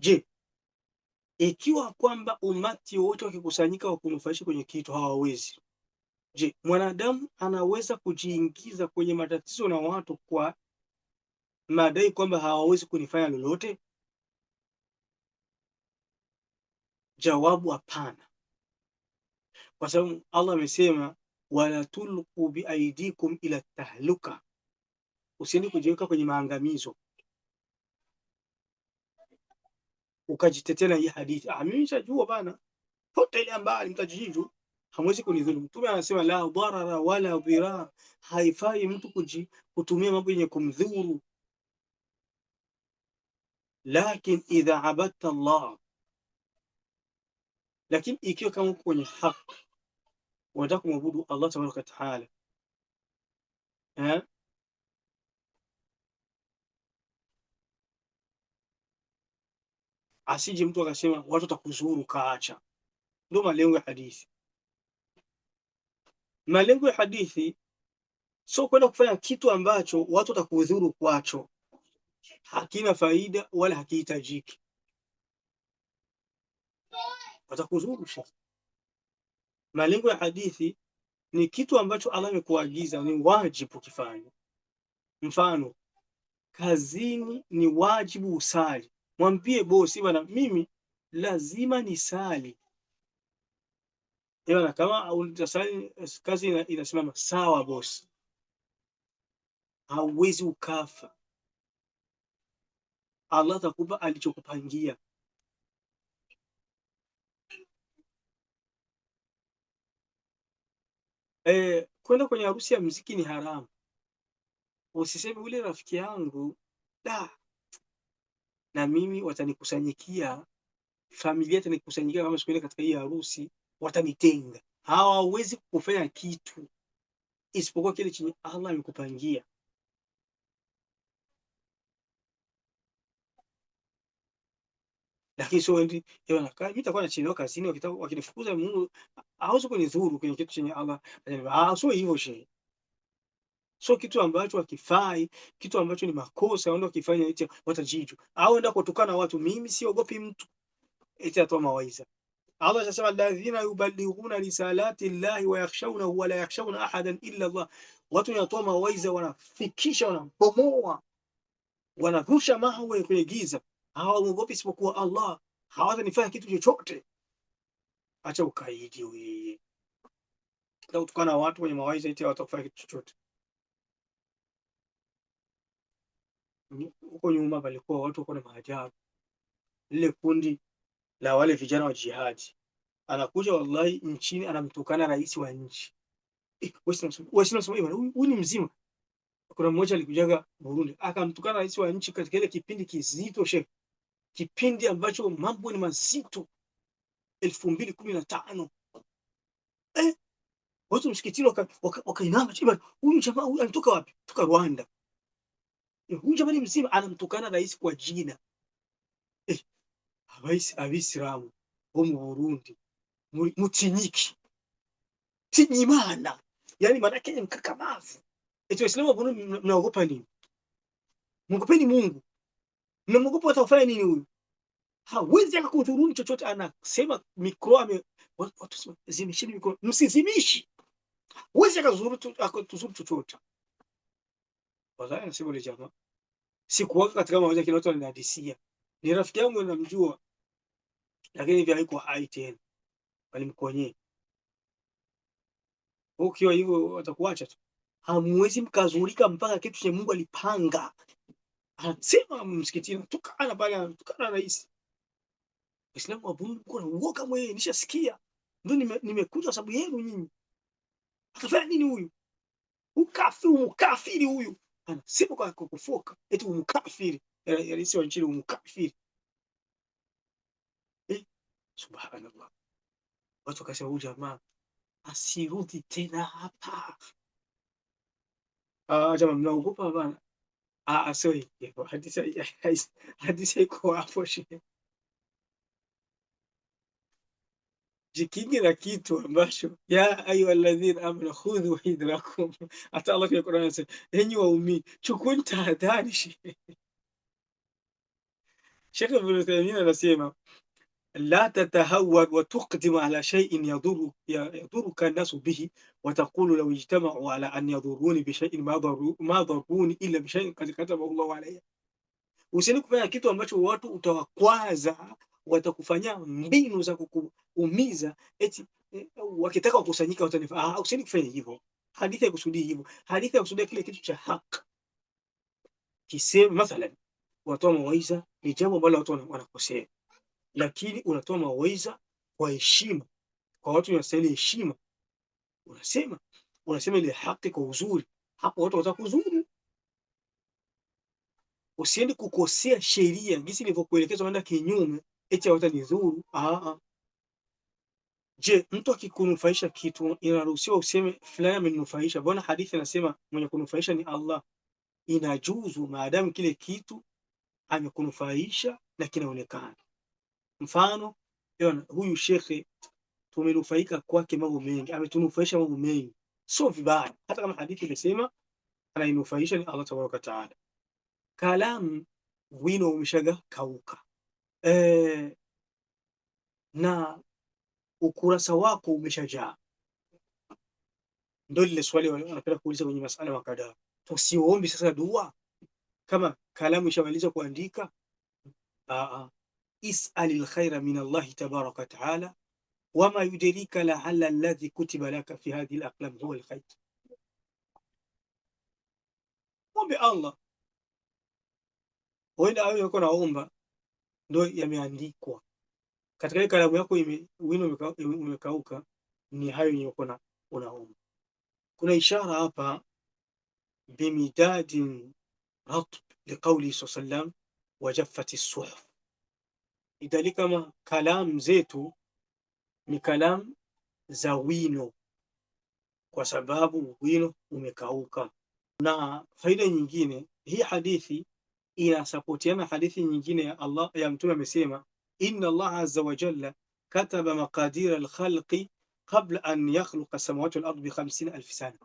Je, ikiwa kwamba umati wote wakikusanyika wakunufaisha kwenye kitu hawawezi, je, mwanadamu anaweza kujiingiza kwenye matatizo na watu kwa madai kwamba hawawezi kunifanya lolote? Jawabu, hapana, kwa sababu Allah amesema wala tulqu biaidikum ila tahluka, usiende kujiweka kwenye maangamizo. ukajitetea hii hadithi. Ah, mimi bana, futa ile ambayo mtajijivu, hamwezi kunidhulumu. Mtume anasema la dharara wala dhira, haifai mtu kuji kutumia mambo yenye kumdhuru. Lakin idha abadta Allah, lakini ikiwa kama uko kwenye haki unataka kumwabudu Allah tabaraka wataala eh? asije mtu akasema watu watakuzuru kaacha. Ndio malengo ya hadithi. Malengo ya hadithi sio kwenda kufanya kitu ambacho watu watakudhuru kwacho, hakina faida wala hakihitajiki. watakuzuru sha. Malengo ya hadithi ni kitu ambacho Allah amekuagiza, ni wajibu kifanya. Mfano, kazini ni wajibu usali mwambie bosi bwana, mimi lazima nisali bwana, yaani kama utasali kazi inasimama sawa bosi, hauwezi ukafa. Allah atakupa alichokupangia. Eh, kwenda kwenye harusi ya mziki ni haramu. Usiseme ule rafiki yangu da na mimi watanikusanyikia, familia itanikusanyikia kama siku ile katika hii harusi, watanitenga. Hawawezi kufanya kitu isipokuwa kile chenye Allah amekupangia. Lakini sio wendi yeye anakaa, mimi nitakuwa nachelewa kazini, wakinifukuza Mungu hawezi kunidhuru kwenye kitu chenye Allah. Ah, sio hivyo shehe sio kitu ambacho hakifai, kitu ambacho ni makosa. Aenda wakifanya eti watajitu au enda kutukana watu. Mimi siogopi mtu eti atoa mawaidha. Allah anasema alladhina yuballighuna risalati llahi wa yakhshawnahu wa la yakhshawna ahadan illa Allah, watu wanatoa mawaidha, wanafikisha, wanabomoa, wanarusha mawe kwenye giza, hawaogopi isipokuwa Allah, hawatanifanya kitu chochote. Acha ukaidi wewe, kutukana watu kwenye mawaidha eti hawatafanya kitu chochote. huko nyuma palikuwa watu wako na maajabu, lile kundi la wale vijana wa jihadi, anakuja wallahi nchini anamtukana rais wa nchi eh, huyu ni mzima. Kuna mmoja alikujaga Burundi akamtukana rais wa nchi katika ile kipindi kizito, shehe, kipindi ambacho mambo ni mazito, elfu mbili kumi na tano eh, watu msikitini wakainama waka, waka, huyu jamaa anatoka wapi? Toka Rwanda huyu jamani mzima anamtukana rais kwa jina eh, abaisi abisilamu bo mu Burundi mutinyiki tinyimana, yani manake ni mkakamavu. Eti Waislamu wa Burundi mnaogopa nini? Mwogopeni Mungu, mnamwogopa atakufanya nini huyu? Hawezi akakudhuruni chochote, anasema mikro ame watu sema zimishini mikro, msizimishi, huwezi akatuzuru chochote. Wallahi nasibu ile jamaa. Sikuwaka katika mawazo kile watu wananihadisia. Ni rafiki yangu namjua. Lakini hivi haiko hai tena. Walimkonyea. Ukiwa hivyo atakuacha tu. Hamwezi mkazurika mpaka kitu cha Mungu alipanga. Anasema msikitini tukana bali tukana rais. Waislamu wa Mungu na uoga mwenyewe, nishasikia. Ndio nimekuja nime sababu yenu nyinyi. Atafanya nini huyu? Ukafiri ukafiri huyu. Anasibu kwa kukufuka eti umkafiri alisi wa nchini umkafiri eh? Subhanallah, watu wakasema huyu jamaa asirudi tena hapa. Ah, jamaa mnaogopa bana. Ah, ah, sorry, hadithi haiko hapo shehe. jikinge na kitu ambacho ya ayu alladhina amanu khudhu hidrakum. Hata Allah kwenye Qur'an anasema enyi waumini chukueni tahadhari. Sheikh Ibn Uthaymeen anasema la tatahawwad wa tuqdim ala shay'in yaduru an-nasu bihi wa taqulu law ijtama'u ala an yaduruni bi shay'in ma daru illa bi shay'in qad katabahu Allah alayya. Usieni kufanya kitu ambacho watu utawakwaza watakufanyia mbinu za kukuumiza, eti eh, wakitaka kukusanyika watanifaa. Ah, usini kufanya hivyo. Hadithi ya kusudi hivyo, hadithi ya kusudia kile kitu cha hak. kisema. Mathalan, watoa mawaidha ni jambo ambalo watu wanakosea, lakini unatoa mawaidha kwa heshima, kwa watu wanastahili heshima, unasema unasema ile haki kwa uzuri, hapo watu watakuzuru. Usiende kukosea sheria jinsi nilivyokuelekeza, unaenda kinyume eti watanizuru. Aa, je, mtu akikunufaisha kitu inaruhusiwa useme fulani amenufaisha? Mbona hadithi inasema mwenye kunufaisha ni Allah? Inajuzu maadamu kile kitu amekunufaisha na kinaonekana. Mfano yon, huyu shekhe tumenufaika kwake mambo mengi, ametunufaisha mambo mengi, sio vibaya, hata kama hadithi imesema anainufaisha ni Allah tabaraka taala. Kalamu wino umeshaga kauka eh, na ukurasa wako umeshajaa. Ndio lile swali wanapenda kuuliza kwenye masala wa kadhaa. Tusiombi sasa dua kama kalamu ishamaliza kuandika? Aa, is'alil min Allahi tabaraka wataala wama yudirika laala alladhi kutiba laka fi hadhihi alaqlam huwa alkhair. Ombe Allah, huenda awe uko naomba ndo yameandikwa katika ile kalamu yako wino umekauka, ni hayo yenye uko unaona. Kuna ishara hapa bimidadin ratb liqauli sa sallam wajaffati suhuf, idali kama kalamu zetu ni kalamu za wino, kwa sababu wino umekauka. Na faida nyingine hii hadithi inasapotiana hadithi nyingine ya Allah ya mtume amesema, inna Allah azza wa jalla kataba maqadira alkhalqi qabla an yakhluqa samawati wal ardi bi 50000 alf sana,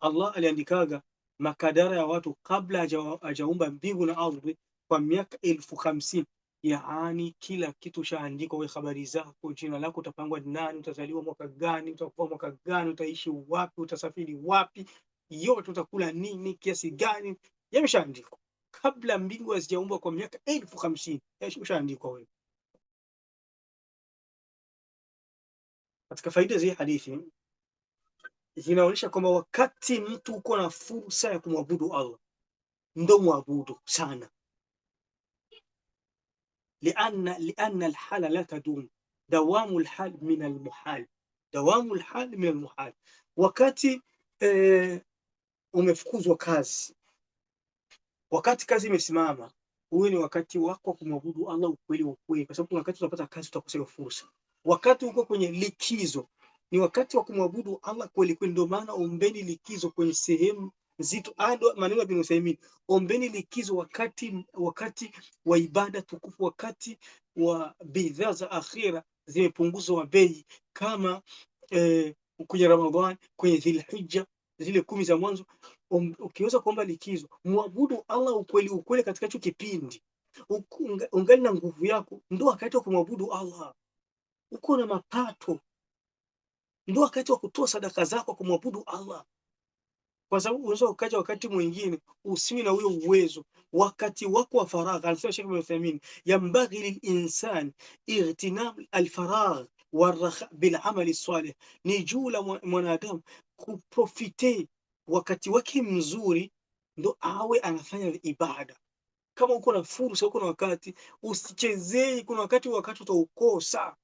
Allah aliandikaga makadara ya watu kabla hajaumba mbingu na ardhi kwa miaka elfu hamsini. Yaani kila kitu shaandikwa, we habari zako, jina lako, utapangwa nani, utazaliwa mwaka gani, utakuwa mwaka gani, utaishi wapi, utasafiri wapi, yote utakula nini, kiasi gani, yameshaandikwa kabla mbingu hazijaumbwa kwa miaka elfu hamsini yaani ushaandikwa wewe. Katika faida za hadithi zinaonyesha kwamba wakati mtu uko na fursa ya kumwabudu Allah ndo mwabudu sana, lianna lianna alhala la tadum dawamu lhal min almuhal dawamu alhal min almuhal. Wakati eh, umefukuzwa kazi Wakati kazi imesimama, huyo ni wakati wako wa kumwabudu Allah ukweli wa ukweli, kwa sababu kuna wakati unapata kazi utakosea fursa. Wakati uko kwenye likizo ni wakati wa kumwabudu Allah kweli kweli. Ndio maana ombeni likizo kwenye sehemu nzito, ado ah, maneno ya bin Uthaymeen, ombeni likizo wakati wakati wa ibada tukufu, wakati wa bidhaa za akhira zimepunguzwa bei, kama eh, kwenye Ramadhani, kwenye Dhilhijja zile kumi za mwanzo Um, ukiweza kuomba likizo, mwabudu Allah ukweli ukweli katika hicho kipindi, ungali na nguvu yako, ndio wakati wa kumwabudu Allah. Uko na mapato, ndio wakati wa kutoa sadaka zako, kumwabudu Allah, kwa sababu unaweza ukaja wakati mwingine usiwi na huyo uwezo, wakati wako wa faragha. alisema Sheikh Ibn Uthaymeen, yambaghi lilinsan igtinam alfaragh warraha bilamali salih, ni juu la mwanadamu kuprofite wakati wake mzuri ndo awe anafanya ibada. Kama uko na fursa, uko na wakati, usichezei. Kuna wakati wakati utaukosa.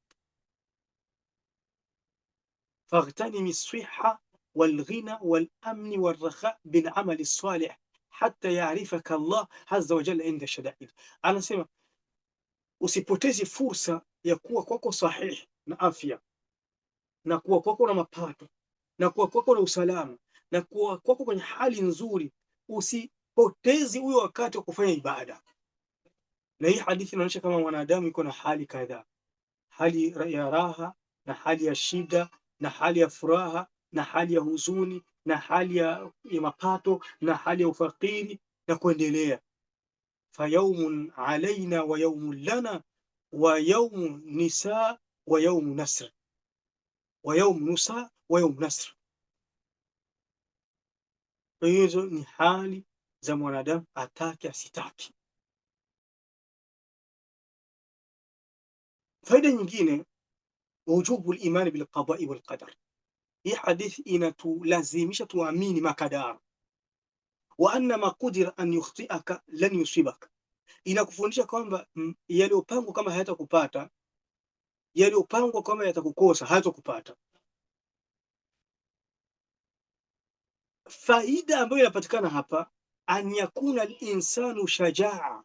faghtanimi siha walghina walamni warraha bilamali salih hata yarifaka Allah azza wa jalla inda shadaid. Anasema usipotezi fursa ya kuwa kwako sahihi na afya na kuwa kwako na mapato na kuwa kwako na usalama na kuwa kwako kwenye hali nzuri, usipotezi huyo wakati wa kufanya ibada. Na hii hadithi inaonyesha kama mwanadamu iko na hali kadhaa, hali ya raha na hali ya shida na hali ya furaha na hali ya huzuni na hali ya, ya mapato na hali ya ufakiri na kuendelea. Fayaumun alaina wa yaumun lana wa yaumu nisa wa yaumu nasr wa yaumu nusa wa yaumu nasr kwa hiyo hizo ni hali za mwanadamu, atake asitake. Faida nyingine, wujubu limani bilqadai walqadar. Hii hadithi inatulazimisha tuamini makadara wa anna ma qudira an yukhtiaka lan yusibaka, inakufundisha kwamba mm, yaliyopangwa kama hayatakupata, yaliyopangwa kama yatakukosa hayatakupata. faida ambayo inapatikana hapa, an yakuna linsanu shajaa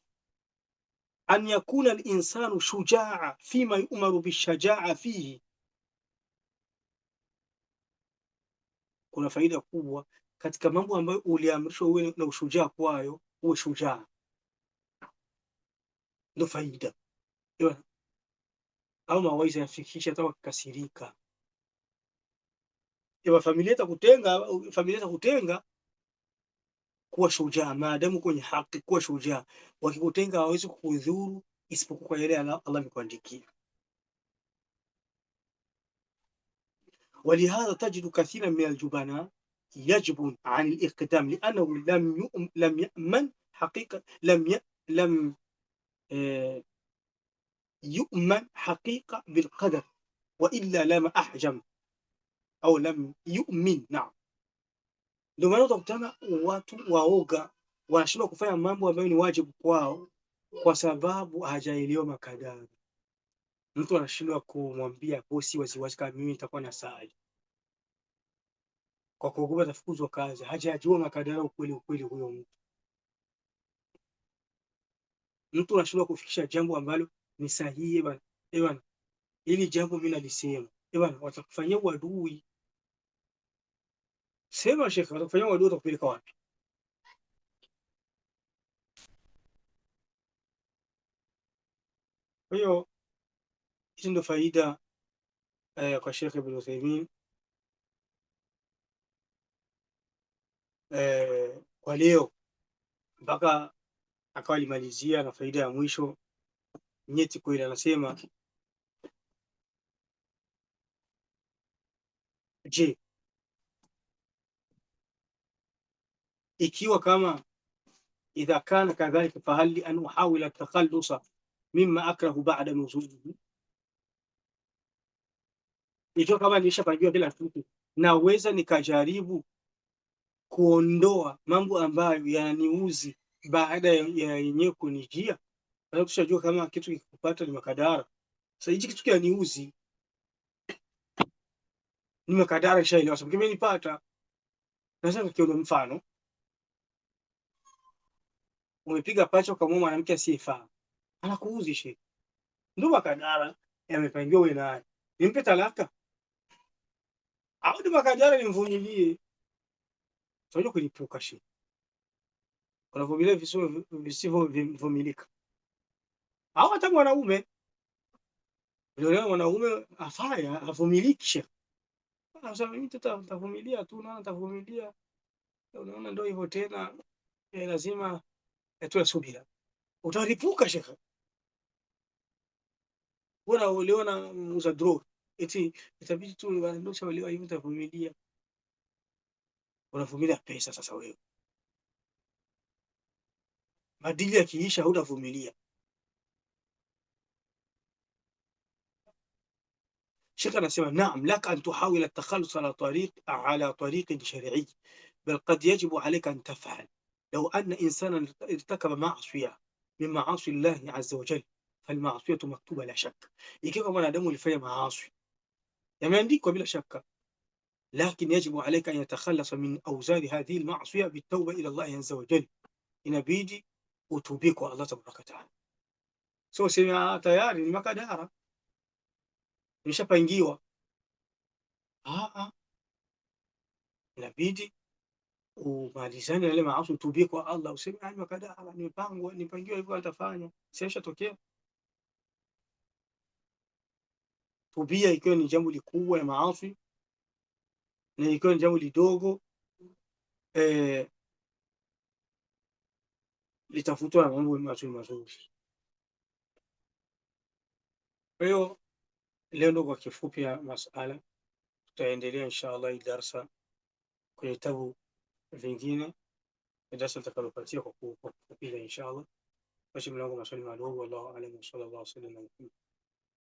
an yakuna linsanu shujaa fima yumaru bishajaa fihi. Kuna faida kubwa katika mambo ambayo uliamrishwa uwe na ushujaa kwayo, uwe shujaa, ndo faida au mawaiza yafikisha hata wakikasirika Iwa familia itakutenga, familia itakutenga, kuwa shujaa, maadamu kwenye haki, kuwa shujaa. Wakikutenga hawawezi kukudhuru isipokuwa kwa yale Allah amekuandikia. Walihadha tajidu kathira min aljubana yajbun an liqdam liannahu lam yaman haqiqa lam yuman haqiqa eh, bilqadar wailla lama ahjam au lam yu'min. Na ndio maana utakutana watu waoga wanashindwa kufanya mambo ambayo ni wajibu kwao kwa sababu hajaelewa makadara. Mtu anashindwa kumwambia bosi waziwazi kama mimi nitakuwa na sali kwa kuogopa atafukuzwa kazi, hajajua makadara ukweli ukweli huyo mtu. Mtu anashindwa kufikisha jambo ambalo ni sahihi, ewan, ili jambo mimi nalisema, ewan, watakufanyia uadui Sema shekhe, watakufanyia wadua watakupeleka wapi? Kwa hiyo hizi ndio faida eh, kwa Shekhe Ibn Uthaymin eh, kwa leo mpaka akawa alimalizia na faida ya mwisho nyeti kweli, anasema je, ikiwa kama idha kana kadhalika fahal an uhawila takhallusa mimma akrahu ba'da nuzulihi, ikiwa kama pajua kila kitu, naweza nikajaribu kuondoa mambo ambayo yananiuzi baada ya yenyewe kunijia. Sasa tushajua kama kitu kikupata ni makadara. Sasa hichi kitu kianiuzi ni makadara, shaelewa sababu kimenipata. Nasema kiona mfano umepiga pacha ukamua mwanamke asiyefaa, anakuuzi shehe. Ndo makadara yamepangiwa wewe naye, nimpe talaka au ndo makadara nimvunyilie? Tunajua kulipuka shehe, unavumilia visivyovumilika. Au hata mwanaume Leo mwanaume afaya avumilikisha, sasa mimi tutavumilia tu, na nitavumilia. Unaona, ndio hivyo tena, eh, lazima yatoa subira. Utalipuka shekhe. Bora uliona muuza droga eti itabidi tu wanadosha waliwa hivi, utavumilia. Unavumilia pesa sasa wewe, madili yakiisha hutavumilia. الشيخ أنسيما نعم لك أن تحاول التخلص على طريق على طريق شرعي بل قد يجب عليك أن تفعل لو أن إنسانا ارتكب معصية من معاصي الله عز وجل فالمعصية مكتوبة لا شك يكيف من أدمه لفيا معاصي يمنديك يعني بلا شك لكن يجب عليك أن يتخلص من أوزار هذه المعصية بالتوبة إلى الله عز وجل إن بيجي وتوبيك الله تبارك وتعالى سو سمع تياري المكادارة مش بانجيوة آه آه نبيدي umalizane yale maasi, utubie kwa Allah, useme ani ah, wakadara nimepangwa ah, nipangiwa hivyo siasha tokea Tubia ikiwa ni jambo likubwa ya maasi na ikiwa ni jambo lidogo eh, litafutwa na mambo mazuri mazuri. Kwa hiyo leo ndo kwa kifupi ya masala, tutaendelea insha Allah darsa kwenye kitabu الفنجينة مدرسة التكالوفاتية وكوكو إن شاء الله فشي بنلاقوا مع سلمى والله أعلم وصلى الله وسلم على محمد